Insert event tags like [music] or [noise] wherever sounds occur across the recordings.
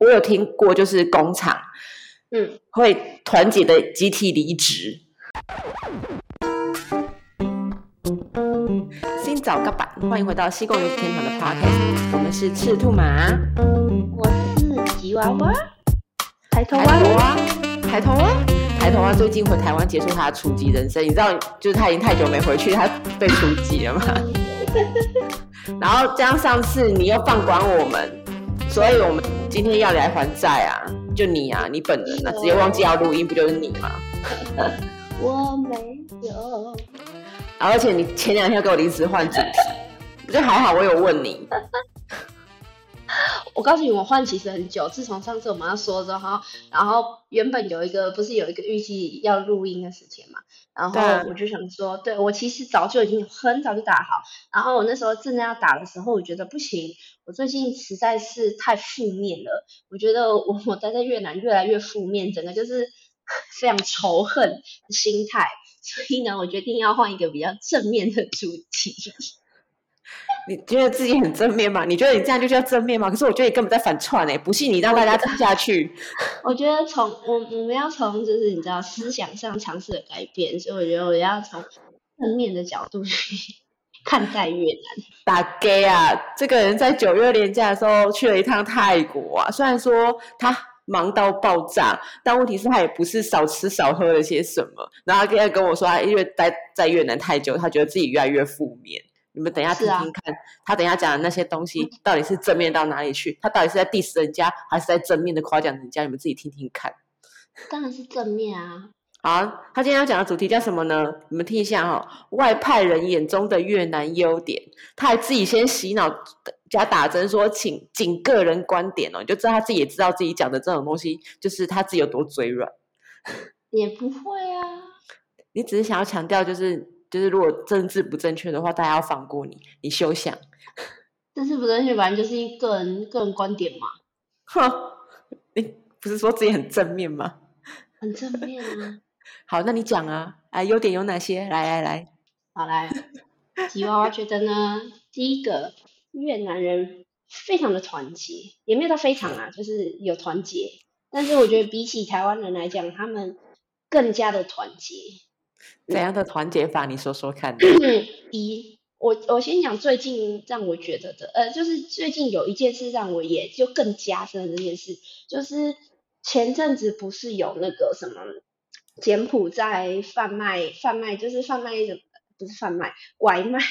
我有聽過，就是工廠，嗯，會團結的集體離職。先早個吧，歡迎回到西的 podcast，嗯《西貢女子天團》的 podcast 我們是赤兔馬，我是吉娃娃，抬頭蛙，抬頭蛙，抬頭蛙，抬頭蛙最近回台灣結束他的除籍人生，你知道，就是他已經太久沒回去，他被除籍了嘛。嗯、 [laughs] 然後加上上次你又放光我們。所以我們今天要你來還債啊！就你啊，你本人啊，直接忘記要錄音，不就是你嗎？ [laughs] 我沒有。而且你前兩天給我臨時換主持，我覺得還好，好，我有問你。我告訴你，我換其實很久。自從上次我們要說之後，然後原本有一個，不是有一個預計要錄音的時間嘛？然後我就想說，對，對我其實早就已經很早就打好。然後我那時候正在要打的時候，我覺得不行。我最近實在是太負面了，我覺得我我待在越南越來越負面，整個就是非常仇恨心態。所以呢，我決定要換一個比較正面的主題。你覺得自己很正面嗎？你覺得你這樣就叫正面嗎？可是我覺得你根本在反串誒，欸，不信你讓大家聽下去。我，我覺得從我我們要從就是你知道思想上嘗試的改變，所以我覺得我要從正面的角度去。看在越南大 gay 啊！這個人在九月連假的時候去了一趟泰國啊，雖然說他忙到爆炸，但問題是他也不是少吃少喝了些什麼。然後他現在跟我說，他因為待在越南太久，他覺得自己越來越負面。你們等一下聽聽看，啊、他等一下講的那些東西到底是正面到哪裡去？他到底是在 diss 人家還是在正面的誇獎人家？你們自己聽聽看。當然是正面啊。好、啊，他今天要講的主題叫什麼呢？你們聽一下哈、哦。外派人眼中的越南優點，他還自己先洗腦，加打針說，請僅個人觀點哦，你就知道他自己也知道自己講的這種東西，就是他自己有多嘴軟。也不會啊，你只是想要強調、就是，就是就是，如果政治不正確的話，大家要放過你，你休想。政治不正確，反正就是一個人一個人觀點嘛。哼，你不是說自己很正面嗎？很正面啊。好，那你講啊，哎、嗯，啊、優點有哪些？來來來，好來，吉娃娃覺得呢， [laughs] 第一個越南人非常的團結，也沒有到非常啊，就是有團結，但是我覺得比起台灣人來講，他們更加的團結。怎樣的團結法？你說說看。一咳咳，我我先講最近讓我覺得的，呃，就是最近有一件事讓我也就更加深的這件事，就是前陣子不是有那個什麼。柬埔寨販賣販賣就是販賣人，不是販賣拐賣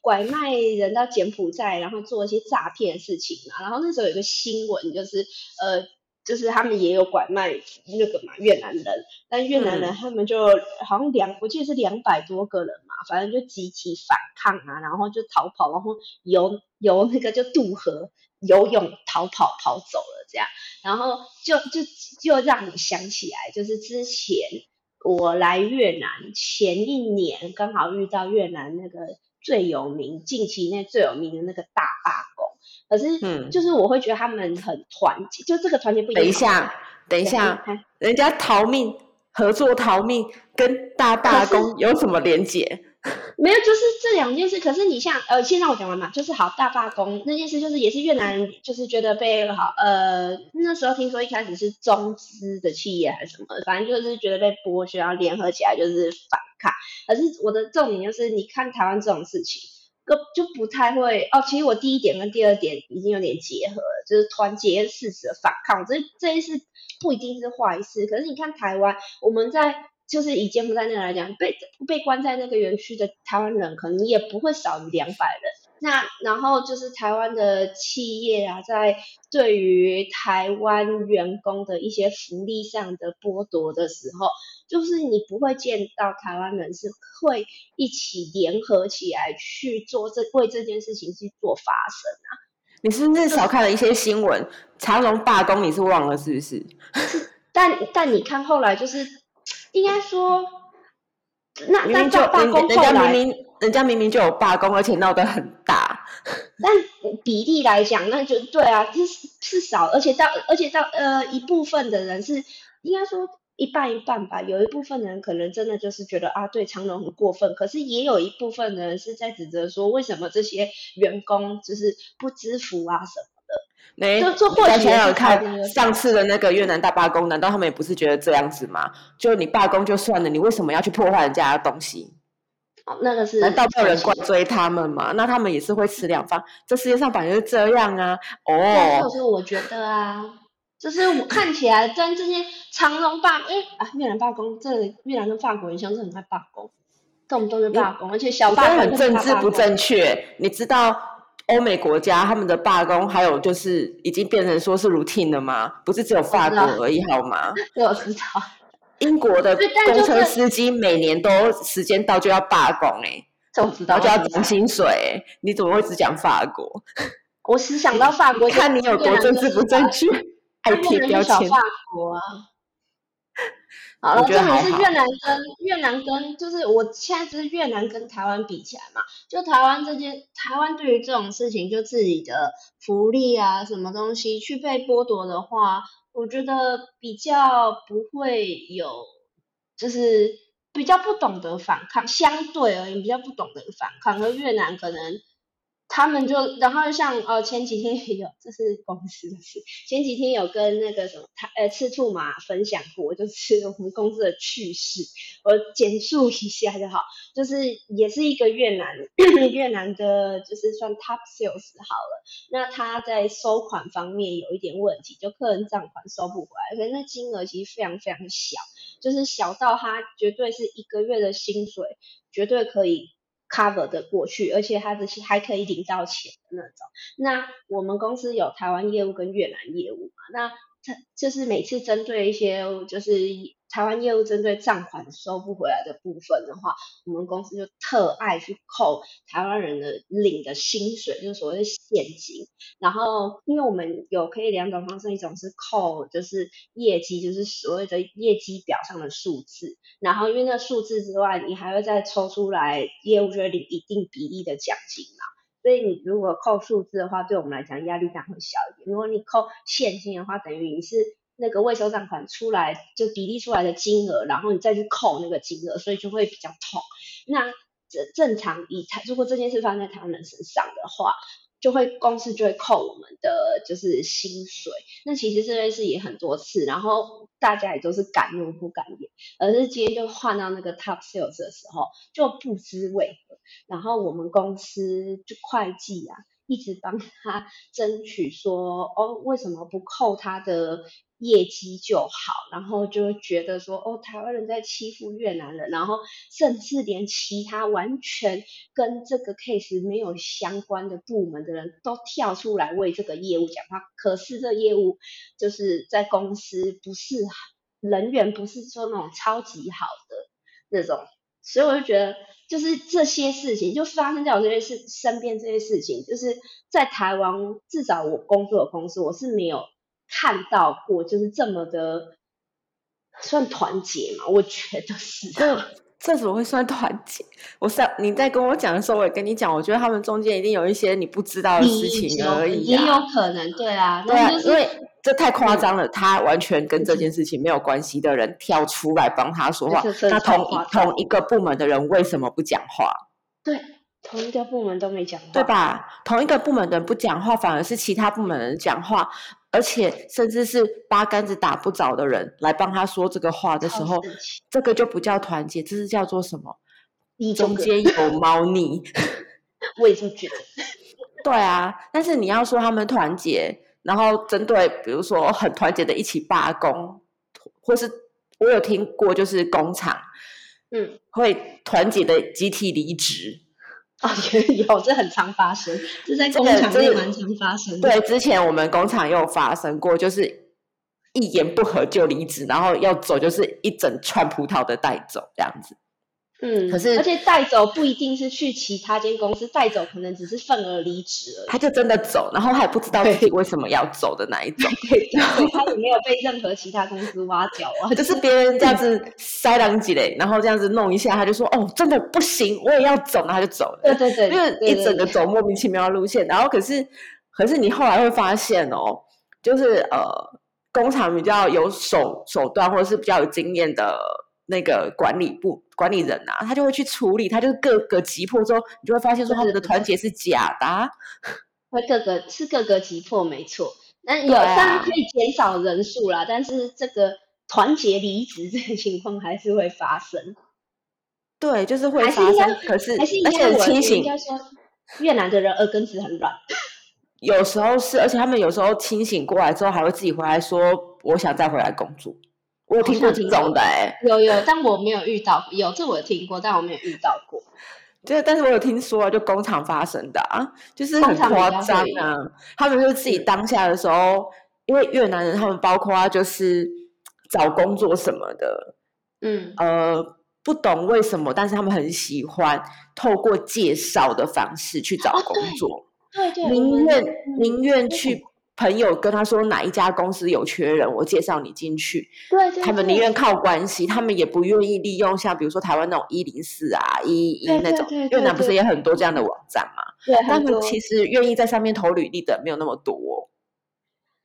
拐賣人到柬埔寨，然後做一些詐騙事情嘛、啊。然後那時候有個新聞，就是呃，就是他們也有拐賣那個嘛越南人，但越南人他們就好像兩、嗯、我記得是兩百多個人嘛，反正就集體反抗啊，然後就逃跑，然後游游那個就渡河游泳逃跑跑走了這樣，然後就就就讓你想起來，就是之前。我來越南前一年，剛好遇到越南那個最有名、近期內最有名的那個大罷工，可是，嗯，就是我會覺得他們很團結，嗯、就這個團結不一樣。等一下，等一下，人家逃命合作逃命，跟大罷工有什麼連結？ [laughs] 沒有，就是這兩件事。可是你像呃，現在我講完嘛。就是好大罷工那件事，就是也是越南，就是覺得被好呃那時候聽說一開始是中資的企業還是什麼，反正就是覺得被剝削，然後聯合起來就是反抗。可是我的重點就是，你看台灣這種事情，就就不太會哦。其實我第一點跟第二點已經有點結合了，就是團結誓死反抗，這這一次不一定是壞事。可是你看台灣，我們在。就是以柬埔寨那來講，被被關在那個園區的台灣人，可能也不會少於兩百人。那然後就是台灣的企業啊，在對於台灣員工的一些福利上的剝奪的時候，就是你不會見到台灣人是會一起聯合起來去做這為這件事情去做發聲啊。你是不是少看了一些新聞？長榮罷工你是忘了是不是？ [laughs] 但但你看後來就是。應該說，那那叫罷工。明明人家明明，人家明明就有罷工，而且鬧得很大。但比例來講，那就對啊，就是是少，而且到而且到呃一部分的人是，應該說一半一半吧。有一部分人可能真的就是覺得啊，對長榮很過分。可是也有一部分的人是在指責說，為什麼這些員工就是不知福啊什麼？哎，就做有有，想想看，上次的那個越南大罷工，難道他們也不是覺得這樣子嗎？就你罷工就算了，你為什麼要去破壞人家的東西？哦，那個是，難道沒有人怪罪他們嗎？那他們也是會吃兩方、嗯。這世界上本來就是這樣啊。嗯、哦，就是我覺得啊，就是我看起來真，這些長榮罷，哎，啊，越南罷工，這越南跟法國一向是很愛罷工，跟我們都在罷工、嗯，而且小真很政治不正確，你知道？歐美國家他們的罷工，還有就是已經變成說是 routine 了嗎？不是只有法國而已好嗎？我知道，知道英國的公車司機每年都時間到就要罷工哎、欸，我知道，我知道，我知道就要漲薪水、欸，你怎麼會只講法國？我只想到法國， [laughs] 看你有多政治不正確，愛貼標籤。法國啊。好了好，重點是越南跟越南跟就是我現在是越南跟台灣比起來嘛，就台灣這些台灣對於這種事情，就自己的福利啊什麼東西去被剝奪的話，我覺得比較不會有，就是比較不懂得反抗，相對而言比較不懂得反抗，而越南可能。他們就，然後像哦，前幾天有，這是公司的事。前幾天有跟那個什麼，他呃，赤兔馬分享過，就是我們公司的趣事。我簡述一下就好，就是也是一個越南呵呵越南的，就是算 top sales 好了。那他在收款方面有一點問題，就客人賬款收不回來，可是那金額其實非常非常小，就是小到他絕對是一個月的薪水，絕對可以。cover 的過去，而且他這是還可以領到錢的那種。那我們公司有台灣業務跟越南業務嘛，那他就是每次針對一些就是。台灣業務針對賬款收不回來的部分的話，我們公司就特愛去扣台灣人的領的薪水，就是所謂的現金。然後，因為我們有可以兩種方式，一種是扣，就是業績，就是所謂的業績表上的數字。然後，因為那數字之外，你還會再抽出來業務就會領一定比例的獎金嘛。所以，你如果扣數字的話，對我們來講壓力感會小一點。如果你扣現金的話，等於你是。那個未收賬款出來，就比例出來的金額，然後你再去扣那個金額，所以就會比較痛。那正正常以，以他如果這件事發生在他人身上的話，就會公司就會扣我們的就是薪水。那其實這件事也很多次，然後大家也都是敢怒不敢言，而是今天就換到那個 top sales 的時候，就不知為何，然後我們公司就會計啊，一直幫他爭取說，哦，為什麼不扣他的？業績就好，然後就覺得說，哦，台灣人在欺負越南人，然後甚至連其他完全跟這個 case 沒有相關的部門的人都跳出來為這個業務講話。可是這業務就是在公司不是人緣不是說那種超級好的那種，所以我就覺得，就是這些事情就發生在我這邊是身邊這些事情，就是在台灣至少我工作的公司我是沒有。看到過，就是這麼的算團結嘛？我覺得是、啊嗯。這怎麼會算團結？我在你在跟我講的時候，我也跟你講，我覺得他們中間一定有一些你不知道的事情而已、啊。也有可能對啊、就是，對啊，因為這太誇張了、嗯。他完全跟這件事情沒有關係的人跳出來幫他說話，那、就是就是、同同一個部門的人為什麼不講話？對，同一個部門都沒講話，對吧？同一個部門的人不講話，反而是其他部門人講話。而且，甚至是八竿子打不着的人來幫他說這個話的時候，這個就不叫團結，這是叫做什麼？中間有貓膩， [laughs] 我已經覺得。對啊，但是你要說他們團結，然後針對比如說很團結的一起罷工，或是我有聽過就是工廠，嗯，會團結的集體離職。哦、啊，也有，這很常發生，這在工廠也蠻常發生、這個。對，之前我們工廠也有發生過，就是一言不合就離職，然後要走就是一整串葡萄的帶走這樣子。嗯，可是而且帶走不一定是去其他間公司帶走，可能只是憤而離職而已，他就真的走，然後他也不知道自己為什麼要走的那一種，然後 [laughs] 他也沒有被任何其他公司挖角啊。就是別人這樣子塞狼幾雷，然後這樣子弄一下，他就說：“哦，真的不行，我也要走。”然後他就走了。對對對，就是一整個走莫名其妙的路線。然後可是對對對，可是你後來會發現哦，就是呃工廠比較有手手段，或者是比較有經驗的那個管理部。管理人啊，他就會去處理，他就是各個擊破，後，你就會發現說他的團結是假的、啊，會各個是各個擊破，沒錯。那有，當、啊、然可以減少人數啦，但是這個團結離職這個情況還是會發生。對，就是會發生。是可是，而且很清醒，應該說越南的人耳根子很軟，有時候是，而且他們有時候清醒過來之後，還會自己回來說，我想再回來工作。我有聽過這種的、欸、聽有有，但我沒有遇到。有這我聽過，但我沒有遇到過。 [laughs] 對，但是我有聽說、啊，就工廠發生的啊，就是很誇張啊。他們就自己當下的時候，嗯、因為越南人，他們包括啊，就是找工作什麼的，嗯呃，不懂為什麼，但是他們很喜歡透過介紹的方式去找工作。對、啊、對，寧願寧願去。朋友跟他說哪一家公司有缺人，我介紹你進去。對對對，他們寧願靠關係，他們也不願意利用像比如說台灣那種一零四啊、一一一那種，對對對對對對。越南不是也很多這樣的網站嗎？對，他們其實願意在上面投履歷的沒有那麼多。哦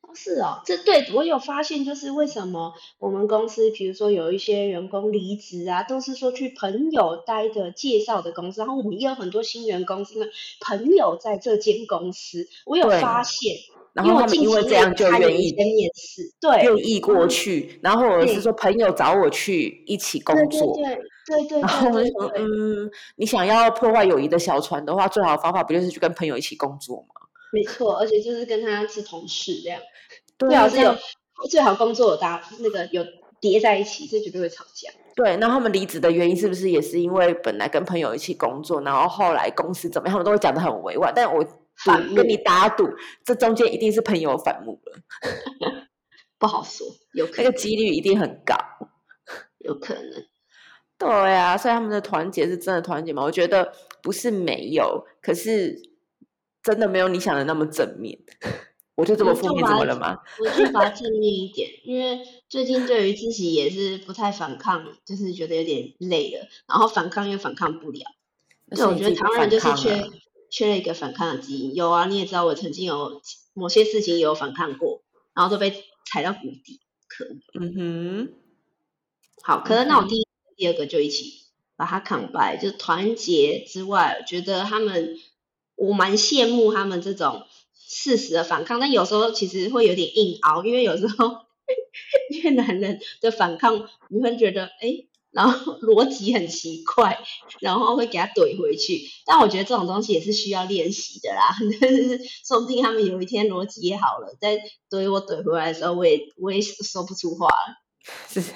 哦，是哦，這對我有發現，就是為什麼我們公司，比如說有一些員工離職啊，都是說去朋友待著介紹的公司，然後我們也有很多新員工是因為朋友在這間公司，我有發現。然後他們因為這樣就願意跟面試，對，願意過去。然後我是說朋友找我去一起工作，對對對。然後我就說，嗯，你想要破壞友誼的小船的話，最好的方法不就是去跟朋友一起工作嗎？沒錯，而且就是跟他是同事這樣，最好是有最好工作有搭那個有疊在一起，這絕對會吵架。對，那他們離職的原因是不是也是因為本來跟朋友一起工作，然後後來公司怎麼樣，他們都會講得很委婉，但我。反，跟你打賭，這中間一定是朋友反目了， [laughs] 不好說，有可能，那個幾率一定很高，有可能。 [laughs] 對呀、啊，所以他們的團結是真的團結嗎？我覺得不是沒有，可是真的沒有你想的那麼正面。 [laughs] 我就這麼負面怎麼了嗎？ [laughs] 我缺乏正面一點，因為最近對於自己也是不太反抗，就是覺得有點累了，然後反抗又反抗不了。對，所以我覺得台灣人就是缺。缺了一個反抗的基因，有啊，你也知道我曾經有某些事情也有反抗過，然後都被踩到谷底，可，可嗯哼，好，可能那我第一、嗯、第二個就一起把他抗敗，就是團結之外，覺得他們我蠻羨慕他們這種事實的反抗，但有時候其實會有點硬熬，因為有時候越南人的反抗你會覺得哎。誒然後邏輯很奇怪，然後會給他懟回去。但我覺得這種東西也是需要練習的啦，說不定他們有一天邏輯也好了，在懟我懟回來的時候，我也我也說不出話了。是，是，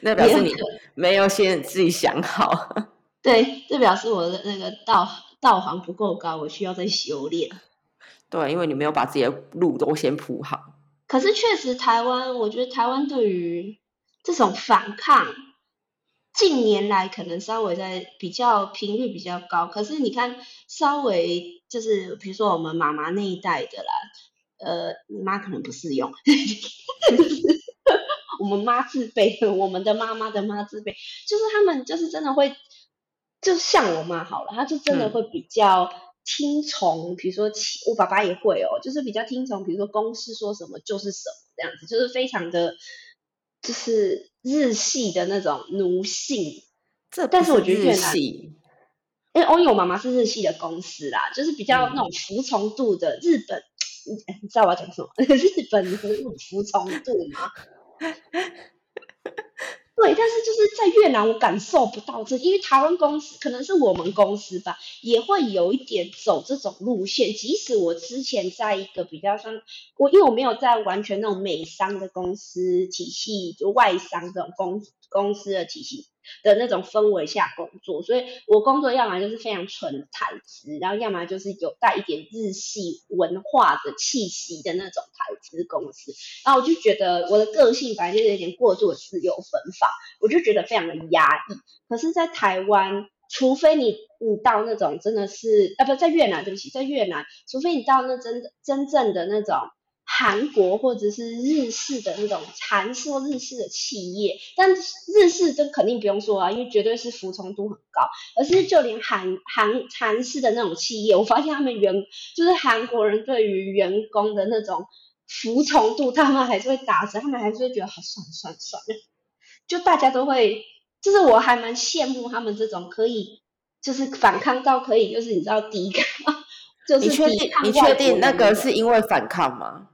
那表示你沒有先自己想好。對，這表示我的那個道道行不夠高，我需要再修煉。對，因為你沒有把自己的路都先鋪好。可是確實，台灣，我覺得台灣對於這種反抗。近年來可能稍微在比較頻率比較高，可是你看稍微就是比如說我們媽媽那一代的啦，呃，你媽可能不適用，就是我們媽自卑，我們的媽媽的媽自卑，就是他們就是真的會，就像我媽好了，她就真的會比較聽從，嗯、比如說我爸爸也會哦，就是比較聽從，比如說公司說什麼就是什麼這樣子，就是非常的。就是日系的那種奴性，這是但是我覺得越南，哎，因為我媽媽是日系的公司啦，就是比較那種服從度的，嗯、日本，你知道我要講什麼？日本服服從度嗎？ [laughs] [laughs] 對，但是就是在越南，我感受不到這，因為台灣公司可能是我們公司吧，也會有一點走這種路線。即使我之前在一個比較像，我因為我沒有在完全那種美商的公司體系，就外商的公司。公司的體系的那種氛圍下工作，所以我工作要麼就是非常純的台資，然後要麼就是有帶一點日系文化的氣息的那種台資公司，然後我就覺得我的個性反正就是有點過度的自由奔放，我就覺得非常的壓抑。可是，在台灣，除非你你到那種真的是啊不，不在越南，對不起，在越南，除非你到那真真正的那種。韓國或者是日式的那種韓式或日式的企業，但日式這肯定不用說啊，因為絕對是服從度很高。而是就連韓韓韓式的那種企業，我發現他們員就是韓國人對於員工的那種服從度，他們還是會打折，他們還是會覺得好，算了算了算了。就大家都會，就是我還蠻羨慕他們這種可以，就是反抗到可以，就是你知道抵抗，就是你確定你確定那個是因為反抗嗎？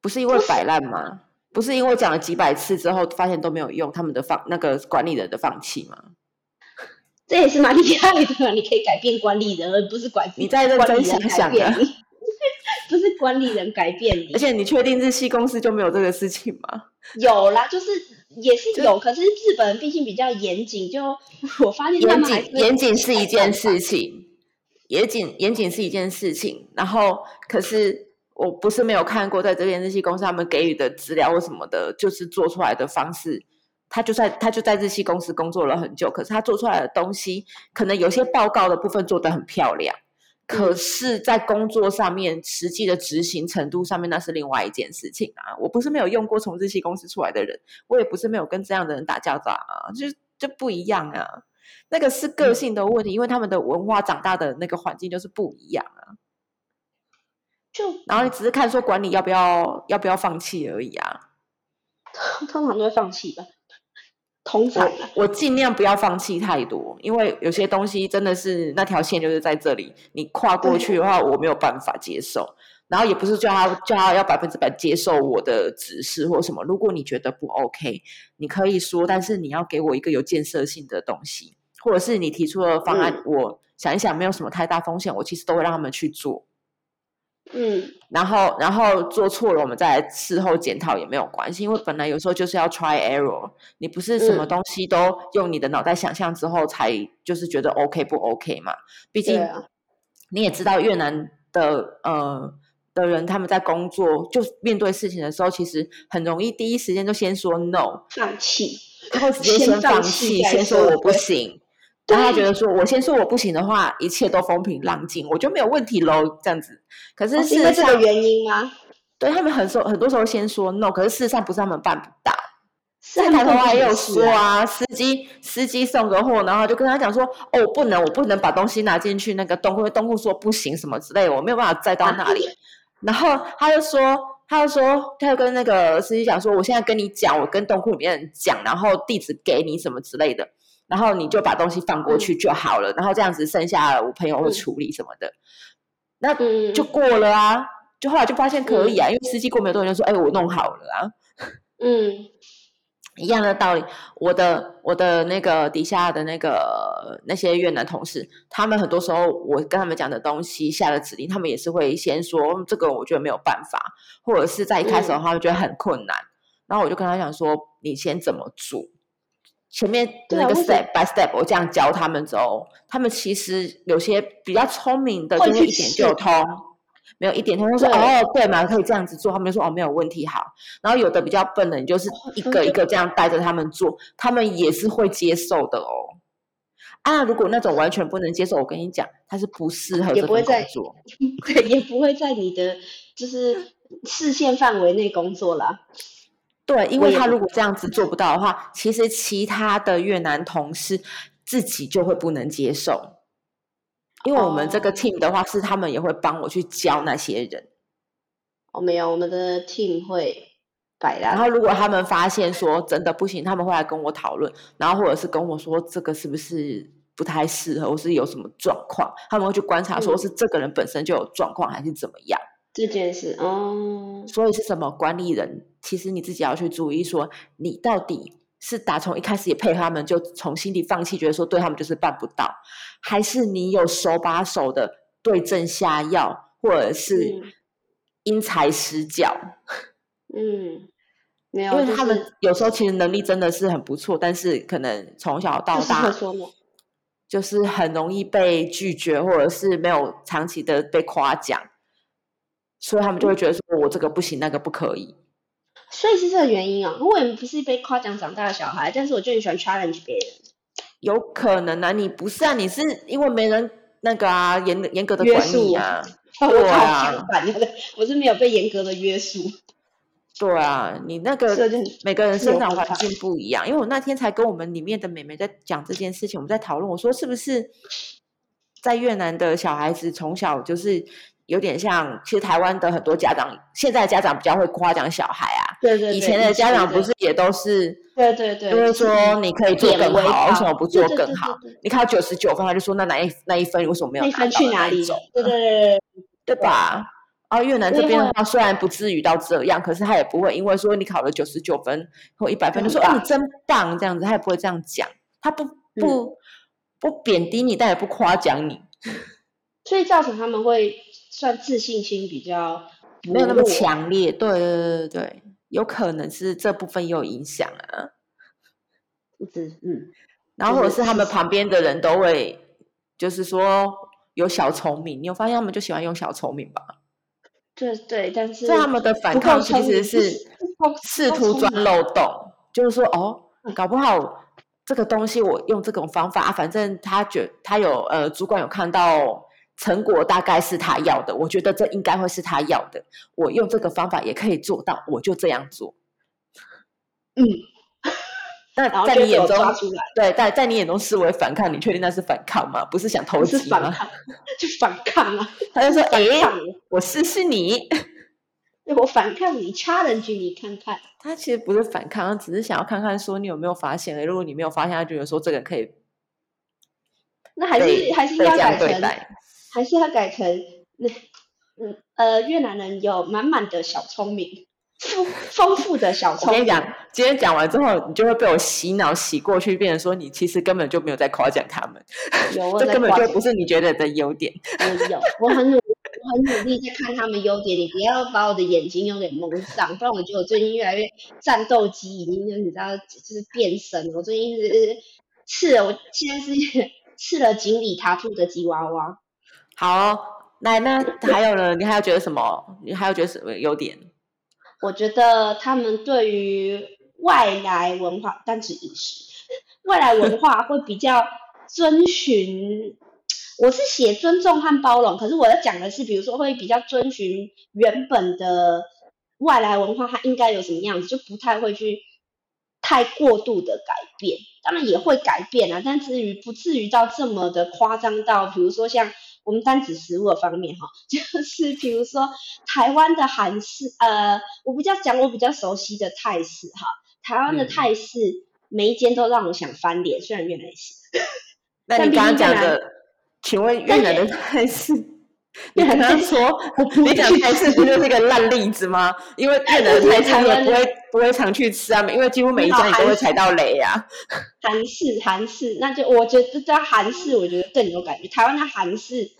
不是因為擺爛嗎？不是，不是因為我講了幾百次之後發現都沒有用，他們的放那個管理人的放棄嗎？這也是蠻厲害的，你可以改變管理人，而不是管你在認真想想的， [laughs] 不是管理人改變你。而且你確定日系公司就沒有這個事情嗎？有啦，就是也是有，可是日本人畢竟比較嚴謹，就我發現嚴謹嚴謹，嚴謹是一件事情，嚴謹，嚴謹，嚴，謹嚴謹是一件事情，然後可是。我不是沒有看過，在這邊日系公司他們給予的資料或什麼的，就是做出來的方式。他就在，他就在日系公司工作了很久，可是他做出來的東西，可能有些報告的部分做得很漂亮，可是，在工作上面實際的執行程度上面，那是另外一件事情啊。我不是沒有用過從日系公司出來的人，我也不是沒有跟這樣的人打交道啊，就就不一樣啊。那個是個性的問題，因為他們的文化長大的那個環境就是不一樣啊。然後你只是看說管理要不要要不要放棄而已啊，通常都會放棄吧。通常我，我儘量不要放棄太多，因為有些東西真的是那條線就是在這裡，你跨過去的話我沒有辦法接受。嗯、然後也不是叫他叫他要百分之百接受我的指示或什麼。如果你覺得不 OK，你可以說，但是你要給我一個有建設性的東西，或者是你提出的方案、嗯，我想一想沒有什麼太大風險，我其實都會讓他們去做。嗯，然後然後做錯了，我們再來事後檢討也沒有關係，因為本來有時候就是要 try error，你不是什麼東西都用你的腦袋想象之後才就是覺得 OK 不 OK 嘛？畢竟你也知道越南的呃的人，他們在工作就面對事情的時候，其實很容易第一時間就先說 no 放棄，然後直接先放棄，先說我不行。然後他覺得說：“我先說我不行的話，一切都風平浪靜，我就沒有問題嘍。”這樣子，可是是、哦、因為這個原因嗎、啊？對他們很說，很多時候先說 no，可是事實上不是他們辦不到。不是他們，然後還有說啊，司機司機送個貨，然後就跟他講說：“哦，我不能，我不能把東西拿進去那個凍庫，凍庫凍庫說不行什麼之類的，我沒有辦法再到那裡。啊”然後他又說，他又說，他就跟那個司機講說：“我現在跟你講，我跟凍庫裡面講，然後地址給你什麼之類的。”然後你就把東西放過去就好了，嗯、然後這樣子剩下，我朋友會處理什麼的，嗯、那就過了啊、嗯。就後來就發現可以啊，嗯、因為司機過沒有多久就說、嗯：“哎，我弄好了。”啊。 [laughs] 嗯，一樣的道理。我的我的那個底下的那個那些越南同事，他們很多時候我跟他們講的東西、下的指令，他們也是會先說：“這個我覺得沒有辦法。”或者是在一開始的話會、嗯、覺得很困難，然後我就跟他講說：“你先怎麼做？”前面的那個 step by step，我這樣教他們走。啊、他們其實有些比較聰明的，就是一點就通。沒有一點通，他們說哦，對嘛，可以這樣子做。他們就說哦，沒有問題，好。然後有的比較笨的，你就是一個一個這樣帶着他們做，哦嗯對對對，他們也是會接受的哦。啊，如果那種完全不能接受，我跟你講，他是不適合這工作，也不會在做， [laughs] 對，也不會在你的就是視線範圍內工作啦。對，因為他如果這樣子做不到的話，其實其他的越南同事自己就會不能接受。哦，因為我們這個 team 的話，是他們也會幫我去教那些人。我，哦，沒有，我們的 team 會擺爛。然後如果他們發現說真的不行，他們會來跟我討論，然後或者是跟我說這個是不是不太適合，或是有什麼狀況，他們會去觀察，說是這個人本身就有狀況，嗯，還是怎麼樣。這件事哦、嗯，所以是什麼管理人？其實你自己要去注意說，說你到底是打從一開始也配合他們，就從心底放棄，覺得說對他們就是辦不到，還是你有手把手的對症下藥，或者是因材施教？嗯，沒有、就是，因為他們有時候其實能力真的是很不錯，但是可能從小到大是就是很容易被拒絕，或者是沒有長期的被誇獎。所以他們就會覺得說：“我這個不行，嗯、那個不可以。”所以是這個原因啊！如果我們不是被誇獎長大的小孩，但是我就很喜歡 challenge 別人。有可能啊，你不是啊？你是因為沒人那個啊，嚴嚴格的管理啊，束對啊。我太好強了，我是沒有被嚴格的約束。對啊，你那個每個人生長環境不一樣不。因為我那天才跟我們裡面的妹妹在講這件事情，我們在討論，我說是不是在越南的小孩子從小就是。有點像，其實台灣的很多家長，現在的家長比較會誇獎小孩啊。對對，對以前的家長不是也都是？對對對。就是說，你可以做更好，為什麼不做更好？對對對對對，你考九十九分，他就說那那一那一分為什麼沒有拿到那？那分去哪裡了？就是對吧？對對對？啊，越南這邊的話，雖然不至於到這樣，對對對，可是他也不會因為說你考了九十九分或一百分，就說啊你真棒這樣子，對對對，他也不會這樣講。他不不、嗯、不貶低你，但也不誇獎你。所以，造成他們會。算自信心比較沒有那麼強烈，對對對對，有可能是這部分也有影響啊。一直嗯，然後或者是他們旁邊的人都會，就是說有小聰明，你有發現他們就喜歡用小聰明吧？對對，對，但是他們的反抗其實是試圖鑽漏洞，就是說哦，搞不好這個東西我用這種方法，啊，反正他覺得他有呃，主管有看到。成果大概是他要的，我覺得這應該會是他要的。我用這個方法也可以做到，我就這樣做。嗯，那在你眼中，對，在在你眼中視為反抗，你確定那是反抗嗎？不是想投機嗎？不是反抗，就反抗啊！他就說：“哎、欸，我試試你。”欸，那我反抗你，challenge，你看看。他其實不是反抗，只是想要看看說你有沒有發現。哎，如果你沒有發現，他覺得說這個可以。那還是還是要對的。對還是要改成那嗯呃，越南人有滿滿的小聰明，豐豐富的小聰明。我跟你講，今天講完之後，你就會被我洗腦洗過去，變成說你其實根本就沒有在誇獎他們，有有 [laughs] 這根本就不是你覺得的優點。我、嗯、有，我很努， [laughs] 我很努力在看他們優點，你不要把我的眼睛有點蒙上，不然我覺得我最近越來越戰鬥機，已經你知道，就是變身了。我最近是吃了，我現在是吃了錦鯉，獺兔的吉娃娃。好，那那還有呢？你還有覺得什麼？你還有覺得什麼優點？我覺得他們對於外來文化，單指飲食，外來文化會比較遵循。 [laughs] 我是寫尊重和包容，可是我要講的是，比如說會比較遵循原本的外來文化，它應該有什麼樣子，就不太會去太過度的改變。當然也會改變啊，但至於不至於到這麼的誇張到，比如說像。我們單指食物的方面哈，就是比如說台灣的韓式，呃，我比較講我比較熟悉的泰式哈，台灣的泰式、嗯、每一間都讓我想翻臉，雖然越南式。那你剛剛講的，請問越南的泰式？你還能說， [laughs] 你講台式是不是就是一個爛例子嗎？ [laughs] 因為越南，韓式也不會 [laughs] 不會常去吃啊，因為幾乎每一家你都會踩到雷呀，啊。韓式，韓式，那就我覺得這家韓式我覺得更有感覺。台灣的韓式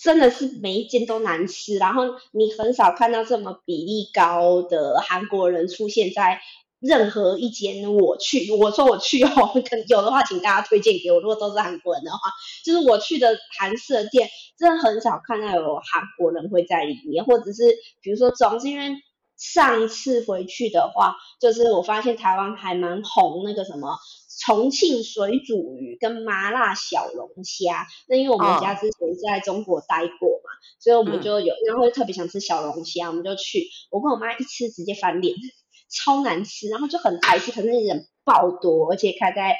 真的是每一間都難吃，然後你很少看到這麼比例高的韓國人出現在。任何一間我去，我說我去哦，可能有的話請大家推薦給我。如果都是韓國人的話，就是我去的韓式店，真的很少看到有韓國人會在裡面，或者是比如說總是因為上一次回去的話，就是我發現台灣還蠻紅那個什麼重慶水煮魚跟麻辣小龍蝦。那因為我們家之前在中國待過嘛，oh. 所以我們就有然後特別想吃小龍蝦，mm. 我們就去，我跟我媽一吃直接翻臉。超難吃，然後就很排斥。反正人爆多，而且開在，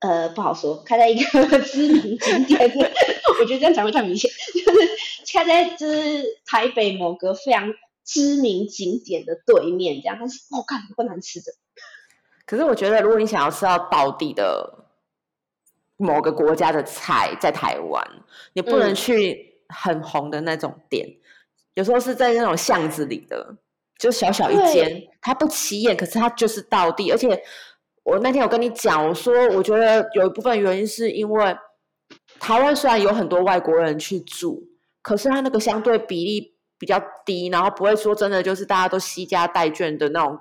呃，不好說，開在一個 [laughs] 知名景點， [laughs] 我覺得這樣才會太明顯。就是開在就是台北某個非常知名景點的對面，這樣它是不干、哦、不難吃的。可是我覺得，如果你想要吃到道地的某個國家的菜，在台灣，你不能去很紅的那種店，嗯，有時候是在那種巷子裡的。就小小一間，它不起眼，可是它就是道地。而且我那天我跟你講，我說我覺得有一部分原因是因為台灣雖然有很多外國人去住，可是它那個相對比例比較低，然後不會說真的就是大家都攜家帶眷的那種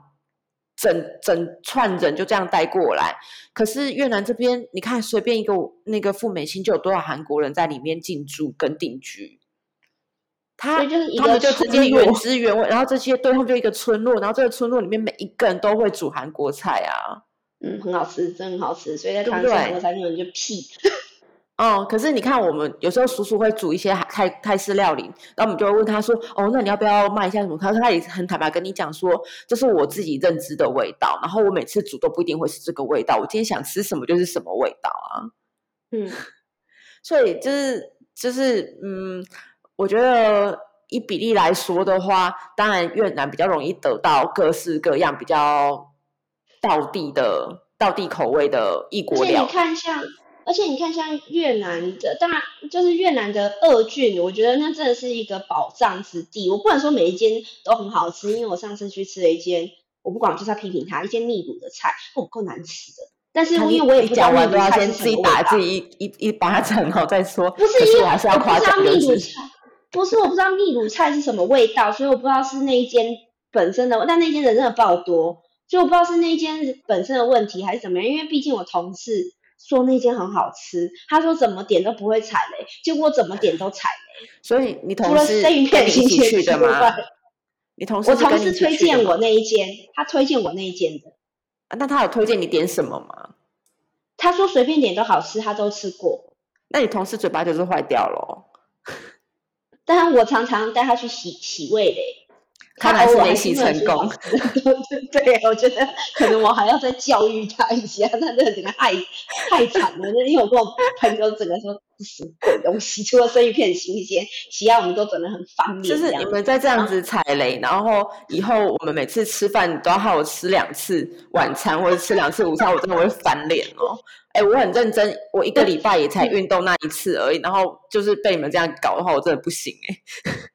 整整串人就這樣帶過來。可是越南這邊，你看隨便一個那個富美興就有多少韓國人在裡面進駐跟定居。以就是一他就們就直接原汁原味，然後這些對，他們就一個村落，然後這個村落裡面每一個人都會煮韓國菜啊，嗯，很好吃，真的很好吃，所以在韓國吃韓國菜裡面就屁。哦，嗯，可是你看，我們有時候叔叔會煮一些泰泰式料理，然後我們就會問他說：“哦，那你要不要賣一下什麼？”他說：“他也很坦白跟你講說，這是我自己認知的味道，然後我每次煮都不一定會是這個味道，我今天想吃什麼就是什麼味道啊。”嗯，所以就是就是嗯。我覺得以比例來說的話，當然越南比較容易得到各式各樣比較道地的道地口味的異國料理。而且你看像，而且你看像越南的，當然就是越南的二郡，我覺得那真的是一個寶藏之地。我不能說每一間都很好吃，因為我上次去吃了一間，我不管就是要批評、評他，一間秘魯的菜，我、哦、夠難吃的。但是因為我也不你，你講完都要先自己打自己一一一巴掌、哦，好再說。不是，是我還是要誇獎就 [laughs] 不是，我不知道秘魯菜是什麼味道，所以我不知道是那一間本身的，但那一間人真的爆多，所以我不知道是那一間本身的問題還是怎麼樣。因為畢竟我同事說那間很好吃，他說怎麼點都不會踩雷，欸，結果怎麼點都踩雷，欸嗯。所以你同，你、嗯、你同事是跟你一起去的嗎？你同事，我同事推薦我那一間，他推薦我那一間的、啊。那他有推薦你點什麼嗎？他說隨便點都好吃，他都吃過。那你同事嘴巴就是壞掉了。但是我常常帶他去洗洗胃的、欸。他還是沒洗成功， [laughs] 對，我覺得可能我還要再教育他一下，他真的整個太太慘了，那因為我跟我朋友整個說死什麼鬼東西，除了生魚片新鮮，其他我們都整的很煩，就是你們再這樣子踩雷，然後以後我們每次吃飯都要害我吃兩次晚餐或者吃兩次午餐，我真的會翻臉哦。哎、欸，我很認真，我一個禮拜也才運動那一次而已，然後就是被你們這樣搞的話，我真的不行哎、欸。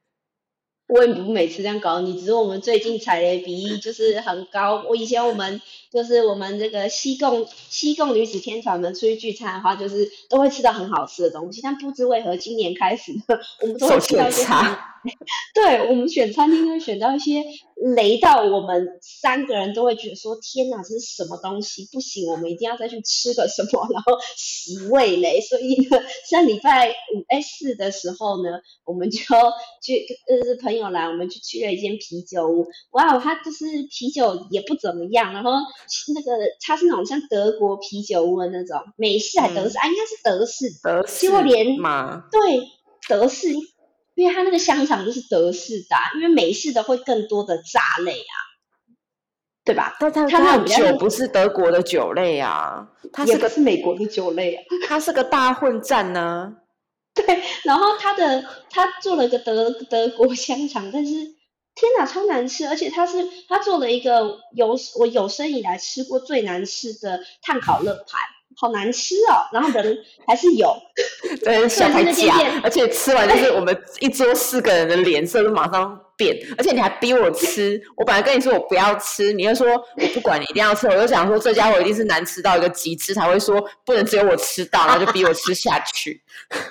我也不每次這樣搞你，只是我們最近踩雷比就是很高。我以前我們就是我們這個西貢西貢女子天團們出去聚餐的話，就是都會吃到很好吃的東西。但不知為何今年開始呢，我們都會吃到一些。 [laughs] 對，我們選餐廳都會選到一些雷到我們三個人都會覺得說天哪，這是什麼東西？不行，我們一定要再去吃個什麼，然後洗味蕾。所以呢，上禮拜五四、欸、的時候呢，我們就去就是、呃、朋友。沒有來，我們就去了一間啤酒屋。哇、哦，他就是啤酒也不怎麼樣。然後那個他是那種像德國啤酒屋的那種美式還是德式，嗯？啊，應該是德式。德式連，對，德式，因為他那個香腸就是德式的，啊，因為美式的會更多的炸類啊，對吧？但它很它那酒不是德國的酒類啊，它是個美國的酒類啊，他 [laughs] 是個大混戰呢、啊。對，然後他的他做了一個德德國香腸，但是天哪，超難吃！而且他是他做了一個有我有生以來吃過最難吃的碳烤肋排，好難吃哦！然後人還是有，對，算 [laughs] 是。而且吃完就是我們一桌四個人的臉色都馬上變，而且你還逼我吃， [laughs] 我本來跟你說我不要吃，你就說我不管你一定要吃，我就想說這傢伙一定是難吃到一個極致才會說不能只有我吃到，然後就逼我吃下去。 [laughs]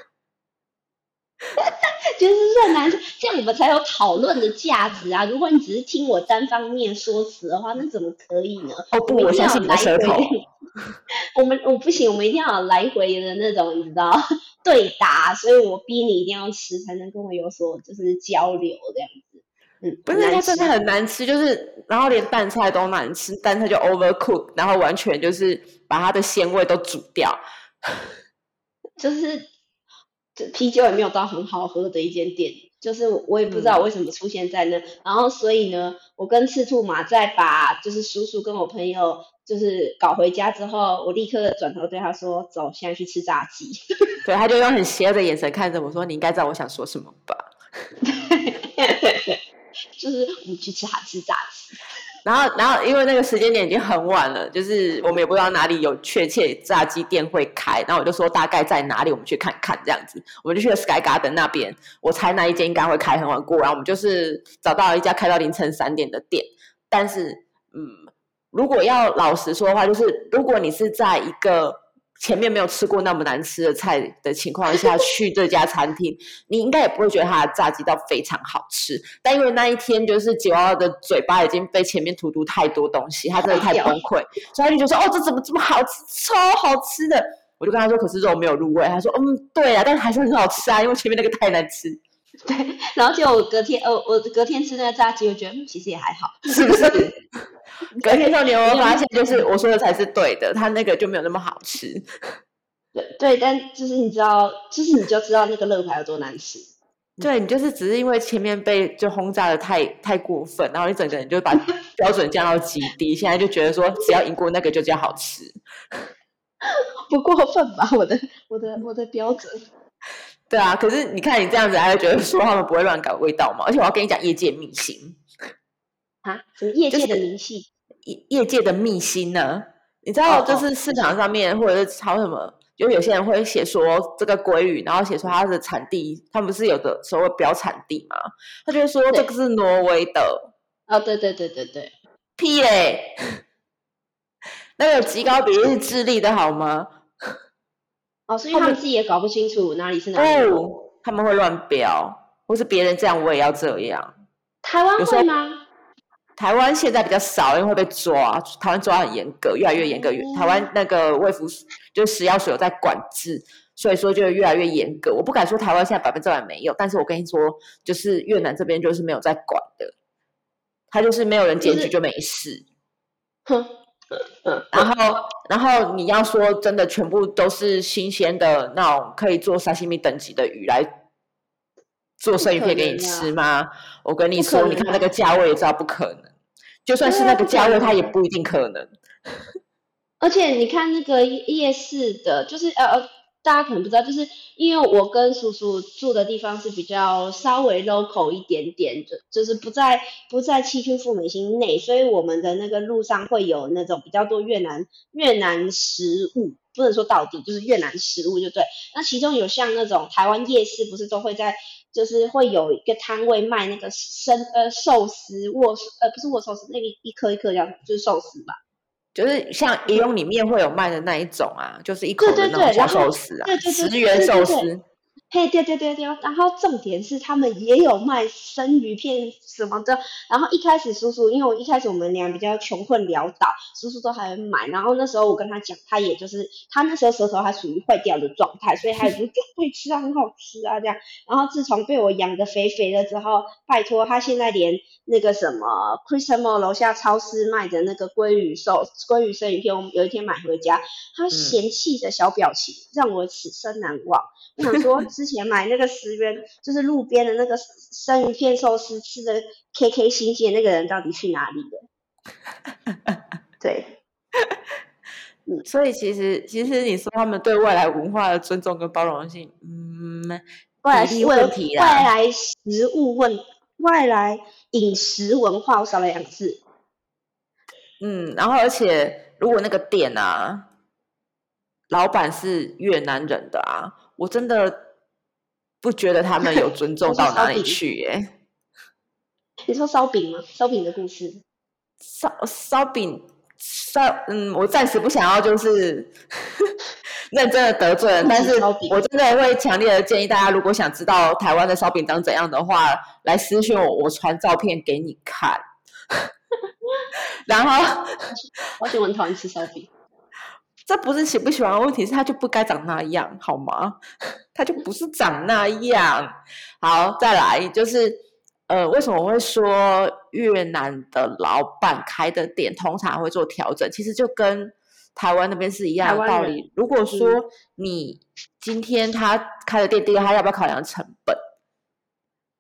[laughs] 就是很難吃，這樣我們才有討論的價值啊！如果你只是聽我單方面說辭的話，那怎麼可以呢？哦，不，我，我相信你的舌頭？ [laughs] 我們我不行，我們一定要有來回的那種，你知道？對答。所以我逼你一定要吃，才能跟我有所就是交流這樣子。嗯，不是，它真的很難吃，就是然後連拌菜都難吃，但它就 overcooked，然後完全就是把它的鮮味都煮掉， [laughs] 就是。這啤酒也沒有到很好喝的一間店，就是我也不知道為什麼出現在那。嗯，然後所以呢，我跟赤兔馬再把就是叔叔跟我朋友就是搞回家之後，我立刻轉頭對他說：“走，現在去吃炸雞。”對，他就用很邪惡的眼神看着我說：“你應該知道我想說什麼吧？” [laughs] [laughs] 就是我們去吃韓式炸雞。然後，然後因為那個時間點已經很晚了，就是我們也不知道哪裡有確切炸雞店會開，然後我就說大概在哪裡，我們去看看這樣子。我們就去了 Sky Garden 那邊，我猜那一間應該會開很晚。果然，我們就是找到一家開到凌晨三點的店，但是，嗯，如果要老實說的話，就是如果你是在一個。前面沒有吃過那麼難吃的菜的情況下去這家餐廳， [laughs] 你應該也不會覺得它的炸雞倒非常好吃。但因為那一天就是吉娃娃的嘴巴已經被前面荼毒太多東西，它真的太崩潰， [laughs] 所以你就說：“哦，這怎麼這麼好吃，超好吃的！”我就跟他說：“可是肉沒有入味。”他說：“嗯，對啊，但是還是很好吃啊，因為前面那個太難吃。”對，然後就我隔天，呃、哦，我隔天吃那個炸雞，我覺得其實也還好，是 [laughs] 對不是對？ [laughs] 隔天之後，你有沒有發現，就是我說的才是對的對？它那個就沒有那麼好吃。對對，但就是你知道，就是你就知道那個樂牌有多難吃。對，你就是只是因為前面被就轟炸得太太過分，然後你整個人就把標準降到極低， [laughs] 現在就覺得說只要贏過那個就叫好吃，不過分吧？我的我的我的標準。對啊，可是你看你這樣子，還會覺得說他們不會亂搞味道嘛？而且我要跟你講業界秘辛。啊，什麼業界的明細、就是？業界的秘辛呢？你知道，哦、就是市場上面或者是抄什麼、哦，就有些人會寫說這個鮭魚，然後寫出它的產地，他們不是有個所謂標產地嗎？他就會說這個是挪威的哦，對對對對對，屁嘞、欸！ [laughs] 那個極高比例是智利的好嗎？ [laughs] 哦，所以他們自己也搞不清楚哪裡是哪裡，他們會亂標，或是別人這樣，我也要這樣。台灣會嗎？台灣現在比較少，因為會被抓。台灣抓很嚴格，越來越嚴格越、嗯。台灣那個衛福，就是食藥署有在管制，所以說就越來越嚴格。我不敢說台灣現在百分之百沒有，但是我跟你說，就是越南這邊就是沒有在管的，他就是沒有人檢舉就沒事。哼、嗯，然後然後你要說真的，全部都是新鮮的那種可以做沙西米等級的魚來。做生意可以給你吃嗎？啊、我跟你說，啊、你看那個價位，也知道不可能。可能啊、就算是那個價位、啊，它也不一定可能。而且你看那個夜市的，就是呃，大家可能不知道，就是因為我跟叔叔住的地方是比較稍微 local 一點點的，就就是不在不在七區富美興內，所以我們的那個路上會有那種比較多越南越南食物，不能說到底就是越南食物就對。那其中有像那種台灣夜市，不是都會在。就是會有一個攤位賣那個生呃，壽司握，呃不是握壽司，那個一顆一顆這樣，就是壽司吧？就是像應用裡面會有賣的那一種啊，就是一顆的那種叫壽司啊，對對對，十元壽司。對對對對對對對對嘿、hey,，對對對對，然後重點是他們也有賣生魚片、什麼的。然後一開始叔叔，因為我一開始我們倆比較窮困潦倒，叔叔都還會買。然後那時候我跟他講，他也就是他那時候舌頭還屬於壞掉的狀態，所以他也不會吃啊，很好吃啊這樣。然後自從被我養得肥肥了之後，拜託他現在連那個什麼 Christmas 樓下超市賣的那個鮭魚壽司鮭魚生魚片，我們有一天買回家，他嫌棄的小表情、嗯、讓我此生難忘。我想說， [laughs] 之前買那個十元，就是路邊的那個生魚片壽司，吃 KK 的 K K 新鮮，那個人到底去哪裡了？ [laughs] 對、 [laughs] 嗯，所以其實其實你說他們對外來文化的尊重跟包容性，嗯，外來問、啊、外來食物問外來飲食文化，我少了兩次。嗯，然後而且如果那個店啊，老闆是越南人的啊，我真的。不覺得他們有尊重到哪裡去、欸？耶？你說燒餅嗎？燒餅的故事？燒燒餅燒……嗯，我暫時不想要，就是呵呵認真的得罪人。但是，我真的會強烈的建議大家，如果想知道台灣的燒餅長怎樣的話，來私信我，我傳照片給你看。 [laughs] 然後，我其實很討厭吃燒餅。這不是喜不喜歡的問題，是他就不該長那樣，好嗎？ [laughs] 他就不是長那樣。好，再來，就是呃，為什麼我會說越南的老闆開的店通常會做調整？其實就跟台灣那邊是一樣的道理。如果說你今天他開的店，第一個他要不要考量成本？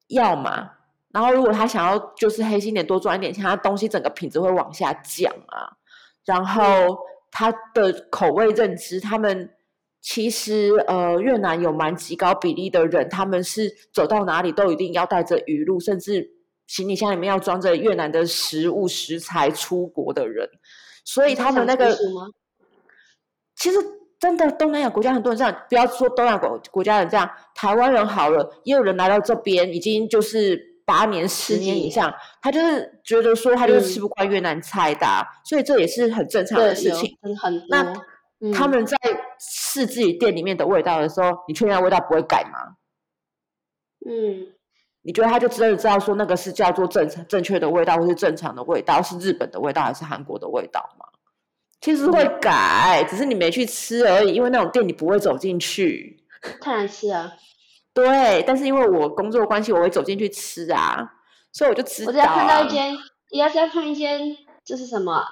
要嘛。然後如果他想要就是黑心點多賺一點錢，他東西整個品質會往下降啊。然後。嗯他的口味認知，他們其實呃，越南有蠻極高比例的人，他們是走到哪裡都一定要帶着魚露，甚至行李箱裡面要裝着越南的食物食材出國的人，所以他們那個什麼其實真的東南亞國家很多人這樣，不要說東南亞國國家人這樣，台灣人好了，也有人來到這邊，已經就是。八年十年以上，他就是覺得說，他就是吃不慣越南菜的、啊嗯，所以這也是很正常的事情。很那、嗯、他們在試自己店裡面的味道的時候，你確定味道不會改嗎？嗯。你覺得他就真的知道說那個是叫做正正確的味道，或是正常的味道，是日本的味道還是韓國的味道嗎？其實會改、嗯，只是你沒去吃而已。因為那種店你不會走進去。看來是啊。對，但是因為我工作的關係，我會走進去吃啊，所以我就知道、啊。我只要看到一間，要是要看一間，這、就是什麼？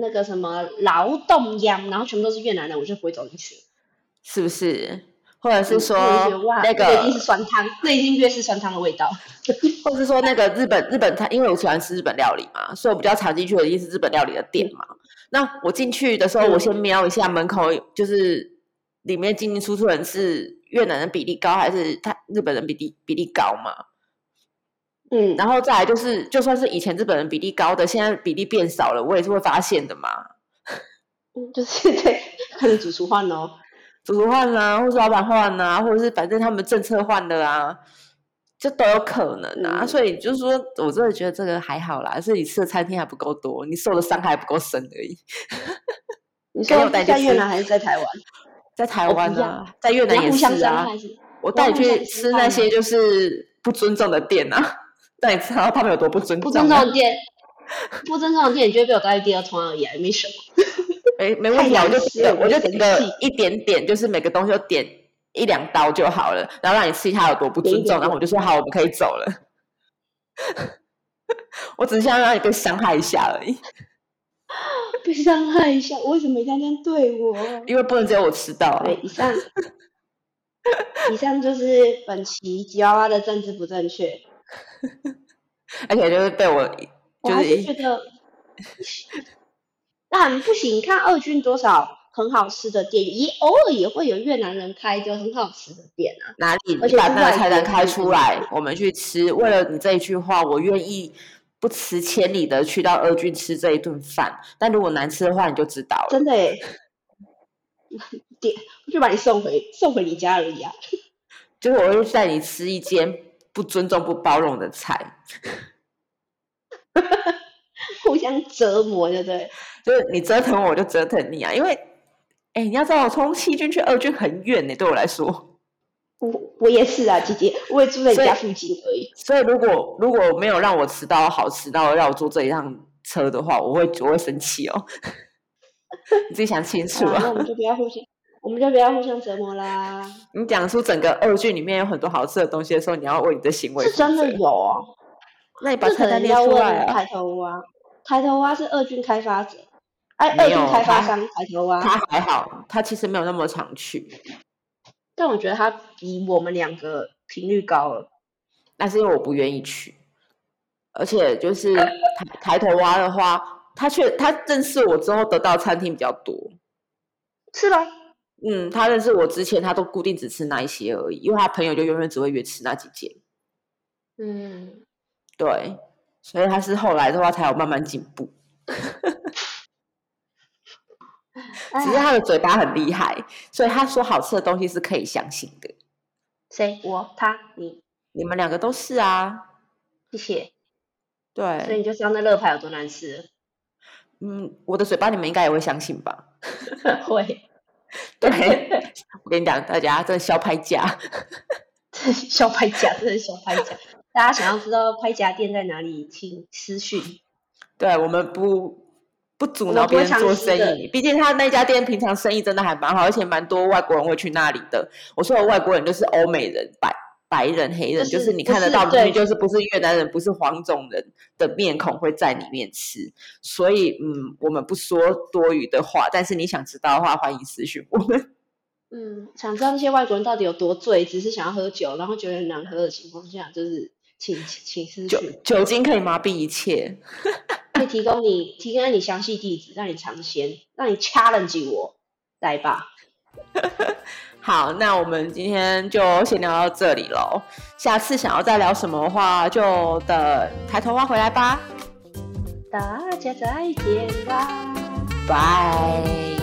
那個什麼勞動央，然後全部都是越南的，我就不會走進去。是不是？或者是說、嗯、那，那個一定是酸湯，是酸湯的味道。 [laughs] 或者是說那個日本日本菜，因為我喜歡吃日本料理嘛，所以我比較常進去的一定是日本料理的店嘛。那我進去的時候，嗯、我先瞄一下門口，就是裡面進進出出人是。嗯越南的比例高還是他日本人比例比例高嘛？嗯，然後再來就是，就算是以前日本人比例高的，現在比例變少了，我也是會發現的嘛。就是現在可能主廚換哦，主廚換啊，或是老闆換啊，或者是反正他們政策換的啦，啊，這都有可能啊。嗯、所以就是說我真的覺得這個還好啦，是你吃的餐廳還不夠多，你受的傷害還不夠深而已。嗯、 [laughs] 你是在越南還是在台灣？ [laughs] 在台灣呢、啊，在越南也相相是也啊！我帶你去吃那些就是不尊重的店啊，帶你吃到他們有多不尊重。不尊重的店， [laughs] 不尊重的店， [laughs] 不尊重的店 [laughs] 不尊重的店 [laughs] 你覺得被我帶第二趟而已，沒什麼。沒、哎，沒問題，吃了我就我就點個一點點，就是每個東西都點一兩刀就好了，然後讓你吃一下有多不尊重，點點然後我就說好，我們可以走了。 [laughs] 我只是想讓你被傷害一下而已。 [laughs] 被傷害一下，為什麼每天這樣對我？因為不能只有我遲到、啊對。以上， [laughs] 以上就是本期吉娃娃的政治不正確。而 [laughs] 且、okay, 就是被我，就是、我還是覺得，但、 [laughs] [laughs] 啊、不行，看二軍多少很好吃的店，也偶爾也會有越南人開就很好吃的店啊。哪裡？而且把那才能開出來，我們去吃。為了你這一句話，我願意。不辭千里的去到二郡吃這一頓飯，但如果難吃的話，你就知道了。真的耶、欸，我就把你送回送回你家而已啊。就是我會帶你吃一間不尊重、不包容的菜， [laughs] 互相折磨，對不對？就是你折騰我，我就折騰你啊。因為，哎、欸，你要知道，從七郡去二郡很遠呢、欸，對我來說。我我也是啊，姐姐，我也住在你家附近而已。所以，所以如果如果沒有讓我吃到好吃到讓我坐這一趟車的話，我會我會生氣哦。 [laughs] 你自己想清楚啊，啊。那我們就不要互相，我們就不要互相折磨啦。 [laughs] 你講出整個二郡裡面有很多好吃的東西的時候，你要為你的行為負責，是真的有哦、啊。那你把菜單列出來，你抬頭蛙、啊，抬頭蛙、啊、是二郡開發者，哎，二、啊、郡開發商抬頭蛙、啊，他還好，他其實沒有那麼常去。但我覺得他比我們兩個頻率高了，那是因為我不願意去，而且就是抬抬頭蛙的話，他卻他認識我之後得到餐廳比較多，是吧？嗯，他認識我之前，他都固定只吃那一些而已，因為他朋友就永遠只會約吃那幾件，嗯，對，所以他是後來的話才有慢慢進步。 [laughs] 只是他的嘴巴很厲害，所以他說好吃的東西是可以相信的。誰？我、他、你？你們兩個都是啊。謝謝。對。所以你就知道那樂牌有多難吃。嗯，我的嘴巴你們應該也會相信吧？ [laughs] 會。對。 [laughs] [laughs] 我跟你講，大家這是小拍假。這是小拍假，這是小拍假。大家想要知道拍假店在哪裡，請私訊。對我們不。不阻撓別人做生意，畢竟他那家店平常生意真的還蠻好，而且蠻多外國人會去那裡的。我說的外國人就是歐美人、白白人、黑人，就是你看得到，就是不是越南人，不是黃種人的面孔會在裡面吃。所以，嗯，我們不說多餘的話，但是你想知道的話，歡迎私訊我們。嗯，想知道那些外國人到底有多醉，只是想要喝酒，然後覺得很難喝的情況下，就是請請私訊。酒，酒精可以麻痹一切。 [laughs] 提供你，提供你詳細地址，讓你嘗鮮，讓你 challenge 我，來吧。 [laughs] 好，那我們今天就先聊到這裡嘍。下次想要再聊什麼的話，就等抬頭蛙回來吧。大家再見吧，拜拜。Bye